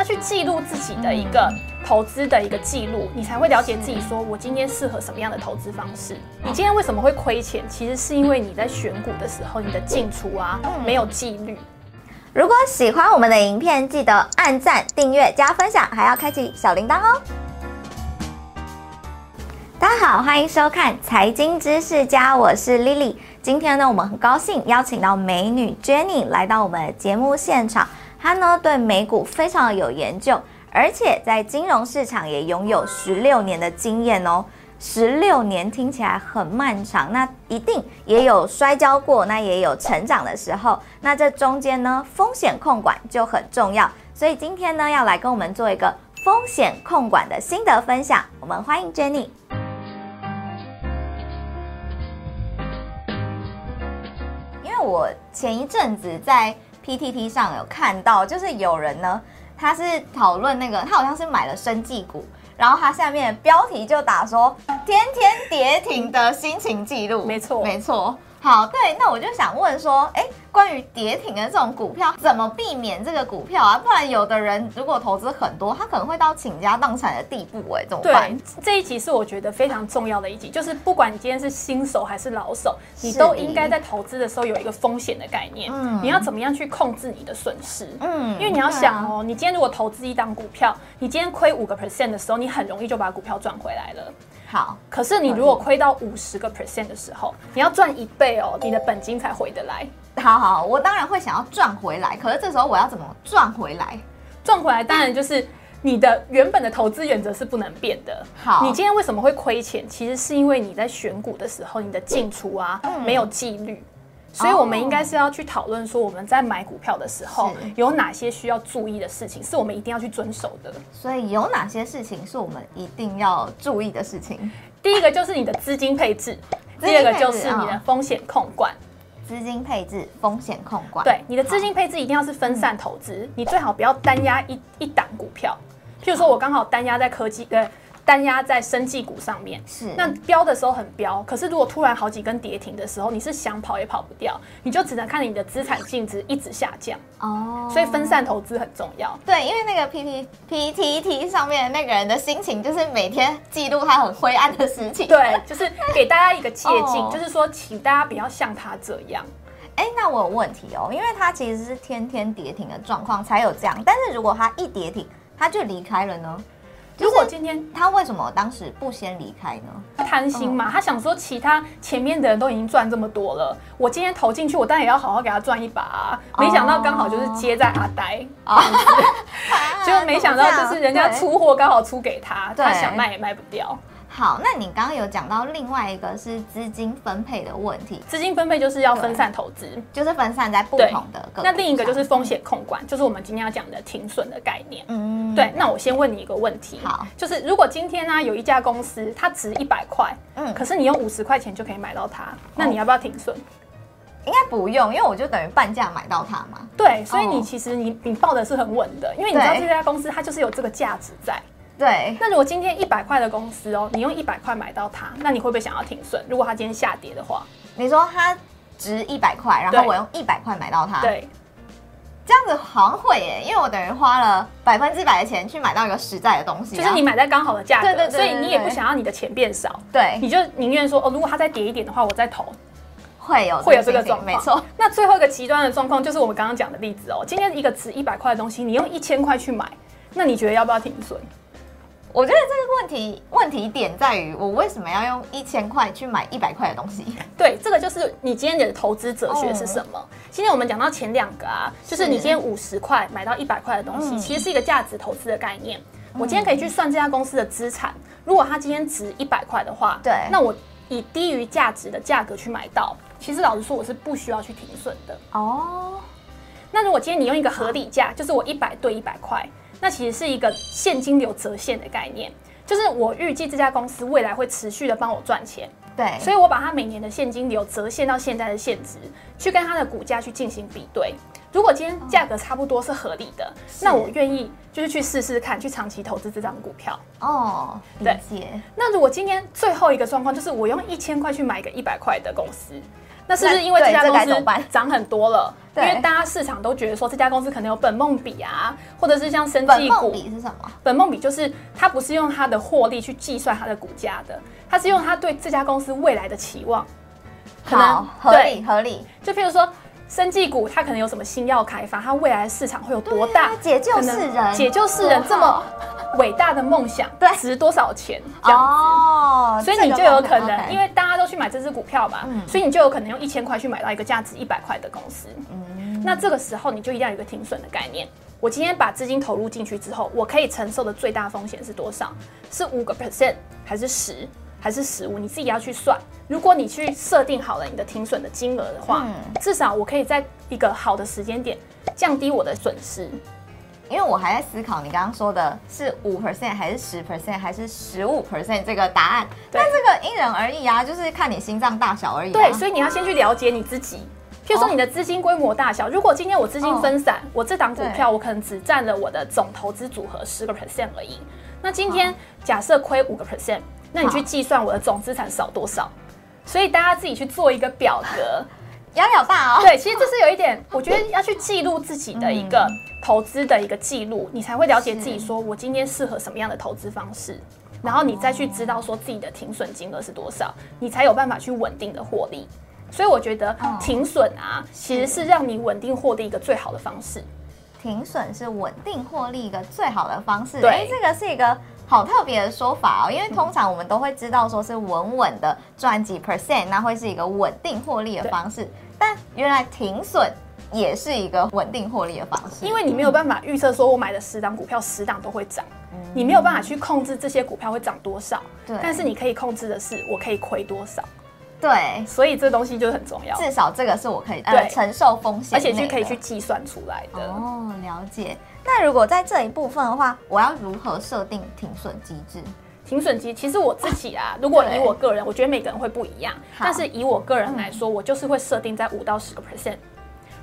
他去記錄自己的一個投資的一個記錄，你才會了解自己。說我今天適合什麼樣的投資方式？你今天為什麼會虧錢？其實是因為你在選股的時候，你的進出啊沒有紀律。如果喜歡我們的影片，記得按讚、訂閱、加分享，還要開啟小鈴鐺哦。大家好，歡迎收看《財經知識家》，我是 Lily。今天呢，我們很高興邀請到美女 Jenny 來到我們節目現場。他呢對美股非常的有研究，而且在金融市場也擁有十六年的經驗哦。十六年聽起來很漫長，那一定也有摔跤過，那也有成長的時候。那這中間呢，風險控管就很重要。所以今天呢，要來跟我們做一個風險控管的心得分享。我們歡迎 Jenny。因為我前一陣子在。T T T 上有看到，就是有人呢，他是討論那個，他好像是買了生技股，然後他下面的標題就打說“天天跌停的心情記錄”，嗯，沒錯，沒錯。好，對，那我就想問說，哎、欸，關於跌停的這種股票，怎麼避免這個股票啊？不然有的人如果投資很多，他可能會到傾家蕩產的地步，欸，哎，怎麼辦？對，這一集是我覺得非常重要的一集，okay. 就是不管你今天是新手還是老手，你都應該在投資的時候有一個風險的概念，嗯，你要怎麼樣去控制你的損失？嗯，因為你要想哦，啊、你今天如果投資一檔股票，你今天虧五個 percent 的時候，你很容易就把股票賺回來了。好，可是你如果虧到五十個 percent 的時候，你要賺一倍哦，你的本金才回得來。好好，我當然會想要賺回來，可是這時候我要怎麼賺回來？賺回來當然就是你的原本的投資原則是不能變的。好，你今天為什麼會虧錢？其實是因為你在選股的時候，你的進出啊，沒有紀律。嗯所以，我們應該是要去討論說，我們在買股票的時候有哪些需要注意的事情，是我們一定要去遵守的。所以，有哪些事情是我們一定要注意的事情？第一個就是你的資金配置，第二個就是你的風險控管。資金配置、風險控管，對，你的資金配置一定要是分散投資，你最好不要單押一一檔股票。譬如說，我剛好單押在科技，對。單壓在生技股上面，是那飆，的時候很飆，可是如果突然好幾根跌停的時候，你是想跑也跑不掉，你就只能看你的資產淨值一直下降。哦，所以分散投資很重要。對，因為那個 PTT 上面那個人的心情，就是每天記錄他很灰暗的事情。對，就是給大家一個借鏡、 哦，就是說，請大家不要像他這樣。哎，那我有問題哦，因為他其實是天天跌停的狀況才有這樣，但是如果他一跌停，他就離開了呢？如果今天、就是、他為什麼當時不先離開呢？他貪心嘛，他想說其他前面的人都已經賺這麼多了，我今天投進去，我當然也要好好給他賺一把、啊。沒想到剛好就是接在阿呆，oh. 啊、 就沒想到就是人家出貨剛好出給他，他想賣也賣不掉。好，那你剛剛有講到另外一個是資金分配的問題，資金分配就是要分散投資，就是分散在不同的個股上。那另一個就是風險控管，嗯、就是我們今天要講的停損的概念。嗯，對。那我先問你一個問題，好，就是如果今天呢、啊、有一家公司它值一百塊，嗯，可是你用五十塊錢就可以買到它，那你要不要停損、哦？應該不用，因為我就等於半價買到它嘛。對，所以你其實你、哦、你抱的是很穩的，因為你知道這家公司它就是有這個價值在。對，那如果今天一百塊的公司哦，你用一百塊買到它，那你會不會想要停損？如果它今天下跌的話，你說它值一百塊，然後我用一百塊買到它，對，這樣子好像會耶，因為我等於花了百分之百的錢去買到一個實在的東西，就是你買在剛好的價格，對對,對,對,對,對，所以你也不想要你的錢變少，對，你就寧願說哦，如果它再跌一點的話，我再投，會有會有這個狀況，沒錯。那最後一個極端的狀況就是我們剛剛講的例子哦，今天一個值一百塊的東西，你用一千塊去買，那你覺得要不要停損？我覺得這個問題問題點在於，我為什麼要用一千塊去買一百塊的東西？對，這個就是你今天你的投資哲學是什麼？Oh. 今天我們講到前兩個啊，是就是你今天五十塊買到一百塊的東西，嗯，其實是一個價值投資的概念，嗯。我今天可以去算這家公司的資產，如果它今天值一百塊的話，對，那我以低於價值的價格去買到，其實老實說我是不需要去停損的。哦、oh.，那如果今天你用一個合理價，就是我一百對一百塊。那其實是一個現金流折現的概念，就是我預計這家公司未來會持續的幫我賺錢，對，所以我把它每年的現金流折現到現在的現值，去跟它的股價去進行比對。如果今天價格差不多是合理的，哦、那我願意就是去試試看，去長期投資這張股票哦。對，那如果今天最後一個狀況就是我用一千塊去買一個一百塊的公司，那是不是因為這家公司漲很多了？因為大家市場都覺得說這家公司可能有本夢比啊，或者是像生技股。本夢比是什麼？本夢比就是它不是用它的獲利去計算它的股價的，它是用它對這家公司未來的期望。好，可能合理合理。就譬如說。生技股，它可能有什麼新藥開發，它未來的市場會有多大？解救世人，解救世人這麼偉大的夢想，嗯、對，值多少錢這樣子哦，oh, 所以你就有可能、這個 okay，因為大家都去買這隻股票嘛，嗯、所以你就有可能用一千塊去買到一個價值一百塊的公司。嗯，那這個時候你就一定要有一個停損的概念。我今天把資金投入進去之後，我可以承受的最大風險是多少？是五個 percent 還是十？還是十五，你自己要去算。如果你去設定好了你的停損的金額的話，嗯，至少我可以在一個好的時間點降低我的損失。因為我還在思考你剛剛說的是五 percent 還是十 percent 還是十五 percent 這個答案。對，但這個因人而異啊，就是看你心臟大小而已啊。對，所以你要先去了解你自己。譬如說你的資金規模大小，如果今天我資金分散，哦，我這檔股票我可能只占了我的總投資組合十個 percent 而已。那今天假設虧五個 percent。那你去計算我的總資產少多少？所以大家自己去做一個表格。搖搖大哦！對，其實這是有一點，我覺得要去記錄自己的一個投資的一個記錄，你才會了解自己說我今天適合什麼樣的投資方式，然後你再去知道說自己的停損金額是多少，你才有辦法去穩定的獲利。所以我覺得停損啊，其實是讓你穩定獲利一個最好的方式。停損是穩定獲利一個最好的方式。對，這個是一個。好特別的說法哦，因為通常我們都會知道說是穩穩的賺幾 percent，那會是一個穩定獲利的方式。但原來停損也是一個穩定獲利的方式，因為你沒有辦法預測說我買的十檔股票十檔都會漲。嗯，你沒有辦法去控制這些股票會漲多少。對，但是你可以控制的是我可以虧多少。對，所以這東西就很重要。至少這個是我可以呃、對呃承受風險，而且是可以去計算出來的。哦，了解。那如果在這一部分的話，我要如何設定停損機制？停損機，其實我自己啊、啊，如果以我個人，我覺得每個人會不一樣。但是以我個人來說，嗯、我就是會設定在五到十個 percent。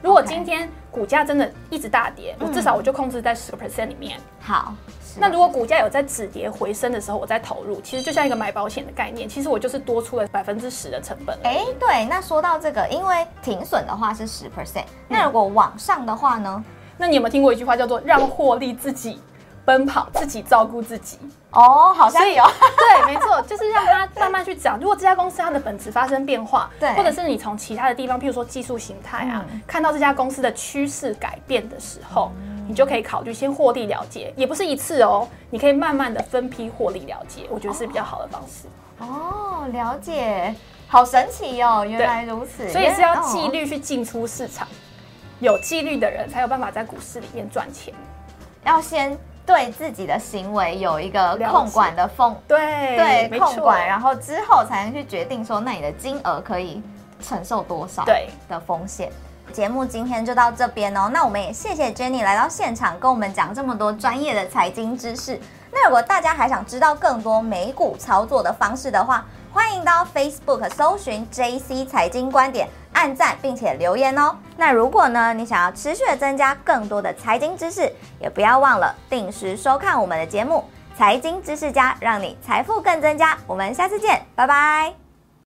如果今天股價真的一直大跌，嗯、我至少我就控制在十個 percent 裡面。好。那如果股價有在止跌回升的時候，我再投入，其實就像一個買保險的概念，其實我就是多出了百分之十的成本。哎、欸，對，那說到這個，因為停損的話是十 percent，嗯、那如果往上的話呢？那你有沒有聽過一句話叫做“讓獲利自己奔跑，自己照顧自己”？哦，好像有，對，沒錯，就是讓它慢慢去漲，如果這家公司它的本質發生變化，對，或者是你從其他的地方，譬如說技術形態啊、嗯，看到這家公司的趨勢改變的時候。嗯你就可以考慮先獲利了結，也不是一次哦，你可以慢慢的分批獲利了結，我覺得是比較好的方式。哦，哦了解，好神奇哦，原來如此。所以是要紀律去進出市場，哦，有紀律的人才有辦法在股市裡面賺錢。要先對自己的行為有一個控管的風，對對，控管，然後之後才能去決定說，那你的金額可以承受多少對的風險。節目今天就到這邊哦，那我們也謝謝 Jenny 來到現場跟我們講這麼多專業的財經知識。那如果大家還想知道更多美股操作的方式的話，歡迎到 Facebook 搜尋 JC 財經觀點，按讚並且留言哦。那如果呢，你想要持續的增加更多的財經知識，也不要忘了定時收看我們的節目《財經知識家》，讓你財富更增加。我們下次見，拜拜。